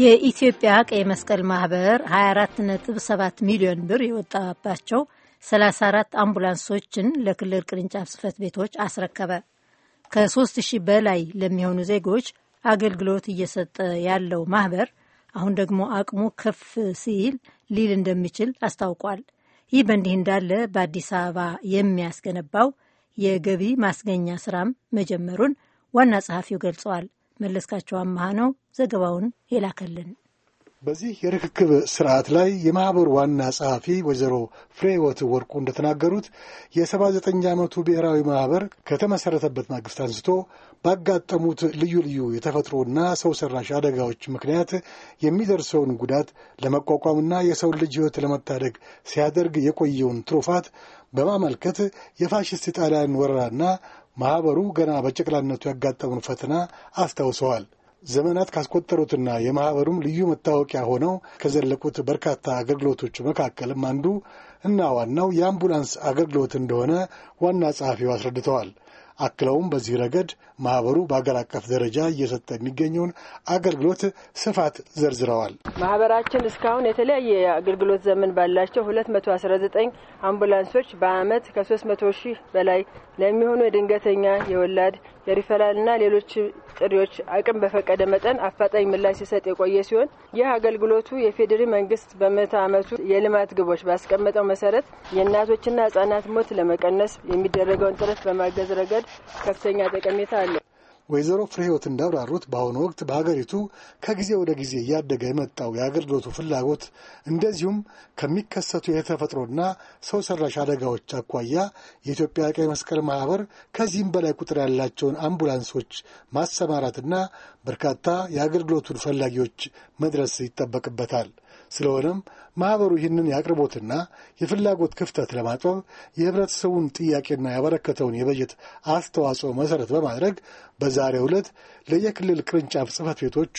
የኢትዮጵያ ቀይ መስቀል ማህበር 247 ሚሊዮን ብር የወጣባቸው 34 አምቡላንሶችን ለክልል ቅርንጫፍ ጽህፈት ቤቶች አስረከበ። ከ3000 በላይ ለሚሆኑ ዜጎች አገልግሎት እየሰጠ ያለው ማህበር አሁን ደግሞ አቅሙ ከፍ ሲል ሊል እንደሚችል አስታውቋል። ይህ በእንዲህ እንዳለ በአዲስ አበባ የሚያስገነባው የገቢ ማስገኛ ስራም መጀመሩን ዋና ጸሐፊው ገልጸዋል። መለስካቸው አመሃ ነው ዘገባውን የላከልን። በዚህ የርክክብ ስርዓት ላይ የማኅበሩ ዋና ጸሐፊ ወይዘሮ ፍሬሕይወት ወርቁ እንደተናገሩት የሰባ ዘጠኝ ዓመቱ ብሔራዊ ማኅበር ከተመሠረተበት ማግስት አንስቶ ባጋጠሙት ልዩ ልዩ የተፈጥሮና ሰው ሠራሽ አደጋዎች ምክንያት የሚደርሰውን ጉዳት ለመቋቋምና የሰውን ልጅ ሕይወት ለመታደግ ሲያደርግ የቆየውን ትሩፋት በማመልከት የፋሽስት ጣሊያን ወረራና ማኅበሩ ገና በጨቅላነቱ ያጋጠሙን ፈተና አስታውሰዋል። ዘመናት ካስቆጠሩትና የማኅበሩም ልዩ መታወቂያ ሆነው ከዘለቁት በርካታ አገልግሎቶች መካከልም አንዱ እና ዋናው የአምቡላንስ አገልግሎት እንደሆነ ዋና ጸሐፊው አስረድተዋል። አክለውም በዚህ ረገድ ማህበሩ በአገር አቀፍ ደረጃ እየሰጠ የሚገኘውን አገልግሎት ስፋት ዘርዝረዋል። ማህበራችን እስካሁን የተለያየ የአገልግሎት ዘመን ባላቸው 219 አምቡላንሶች በአመት ከ300 ሺህ በላይ ለሚሆኑ የድንገተኛ የወላድ የሪፈራልና ሌሎች ጥሪዎች አቅም በፈቀደ መጠን አፋጣኝ ምላሽ ሲሰጥ የቆየ ሲሆን ይህ አገልግሎቱ የፌዴሪ መንግስት በምዕተ ዓመቱ የልማት ግቦች ባስቀመጠው መሰረት የእናቶችና ህጻናት ሞት ለመቀነስ የሚደረገውን ጥረት በማገዝ ረገድ ከፍተኛ ጠቀሜታ አለው። ወይዘሮ ፍሬህይወት እንዳብራሩት በአሁኑ ወቅት በሀገሪቱ ከጊዜ ወደ ጊዜ እያደገ የመጣው የአገልግሎቱ ፍላጎት እንደዚሁም ከሚከሰቱ የተፈጥሮና ሰው ሰራሽ አደጋዎች አኳያ የኢትዮጵያ ቀይ መስቀል ማህበር ከዚህም በላይ ቁጥር ያላቸውን አምቡላንሶች ማሰማራትና በርካታ የአገልግሎቱን ፈላጊዎች መድረስ ይጠበቅበታል። ስለሆነም ማኅበሩ ይህንን የአቅርቦትና የፍላጎት ክፍተት ለማጥበብ የህብረተሰቡን ጥያቄና ያበረከተውን የበጀት አስተዋጽኦ መሠረት በማድረግ በዛሬው ዕለት ለየክልል ቅርንጫፍ ጽሕፈት ቤቶቹ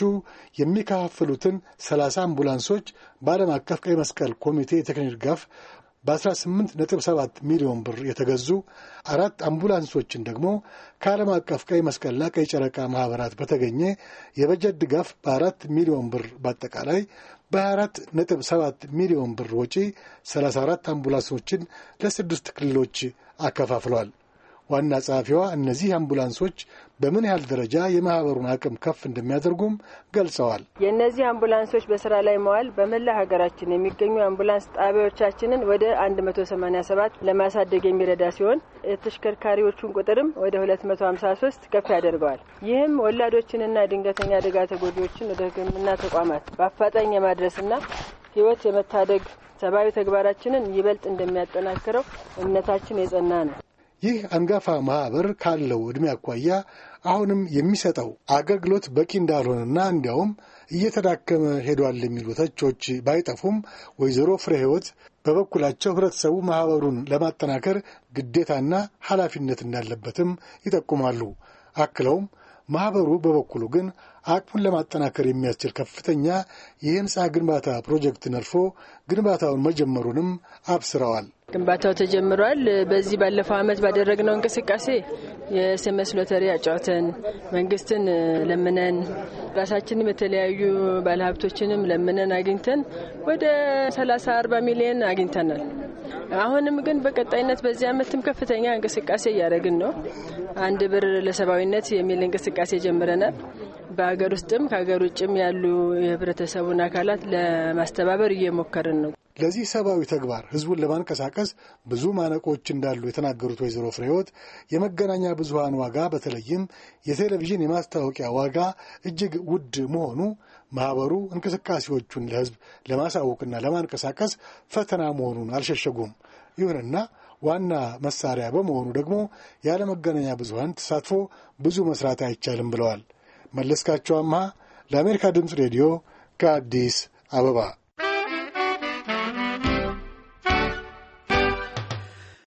የሚከፋፍሉትን ሰላሳ አምቡላንሶች በዓለም አቀፍ ቀይ መስቀል ኮሚቴ የቴክኒክ ድጋፍ በ18.7 ሚሊዮን ብር የተገዙ አራት አምቡላንሶችን ደግሞ ከዓለም አቀፍ ቀይ መስቀልና ቀይ ጨረቃ ማኅበራት በተገኘ የበጀት ድጋፍ በአራት ሚሊዮን ብር በአጠቃላይ በ24.7 ሚሊዮን ብር ወጪ 34 አምቡላንሶችን ለስድስት ክልሎች አከፋፍሏል። ዋና ጸሐፊዋ እነዚህ አምቡላንሶች በምን ያህል ደረጃ የማህበሩን አቅም ከፍ እንደሚያደርጉም ገልጸዋል። የእነዚህ አምቡላንሶች በስራ ላይ መዋል በመላ ሀገራችን የሚገኙ አምቡላንስ ጣቢያዎቻችንን ወደ 187 ለማሳደግ የሚረዳ ሲሆን የተሽከርካሪዎቹን ቁጥርም ወደ 253 ከፍ ያደርገዋል። ይህም ወላዶችንና ድንገተኛ አደጋ ተጎጂዎችን ወደ ሕክምና ተቋማት በአፋጣኝ የማድረስና ህይወት የመታደግ ሰብአዊ ተግባራችንን ይበልጥ እንደሚያጠናክረው እምነታችን የጸና ነው። ይህ አንጋፋ ማህበር ካለው ዕድሜ አኳያ አሁንም የሚሰጠው አገልግሎት በቂ እንዳልሆነና እንዲያውም እየተዳከመ ሄዷል የሚሉ ተቾች ባይጠፉም ወይዘሮ ፍሬ ህይወት በበኩላቸው ህብረተሰቡ ማህበሩን ለማጠናከር ግዴታና ኃላፊነት እንዳለበትም ይጠቁማሉ። አክለውም ማኅበሩ በበኩሉ ግን አቅሙን ለማጠናከር የሚያስችል ከፍተኛ የህንፃ ግንባታ ፕሮጀክት አልፎ ግንባታውን መጀመሩንም አብስረዋል። ግንባታው ተጀምሯል። በዚህ ባለፈው ዓመት ባደረግነው እንቅስቃሴ የኤስኤምኤስ ሎተሪ አጫውተን መንግስትን ለምነን ራሳችንም የተለያዩ ባለሀብቶችንም ለምነን አግኝተን ወደ ሰላሳ አርባ ሚሊዮን አግኝተናል። አሁንም ግን በቀጣይነት በዚህ አመትም ከፍተኛ እንቅስቃሴ እያደረግን ነው። አንድ ብር ለሰብአዊነት የሚል እንቅስቃሴ ጀምረናል። በሀገር ውስጥም ከሀገር ውጭም ያሉ የህብረተሰቡን አካላት ለማስተባበር እየሞከርን ነው። ለዚህ ሰብአዊ ተግባር ህዝቡን ለማንቀሳቀስ ብዙ ማነቆች እንዳሉ የተናገሩት ወይዘሮ ፍሬወት የመገናኛ ብዙሀን ዋጋ በተለይም የቴሌቪዥን የማስታወቂያ ዋጋ እጅግ ውድ መሆኑ ማህበሩ እንቅስቃሴዎቹን ለህዝብ ለማሳወቅና ለማንቀሳቀስ ፈተና መሆኑን አልሸሸጉም። ይሁንና ዋና መሳሪያ በመሆኑ ደግሞ ያለ መገናኛ ብዙሀን ተሳትፎ ብዙ መስራት አይቻልም ብለዋል። መለስካቸው አምሃ ለአሜሪካ ድምፅ ሬዲዮ ከአዲስ አበባ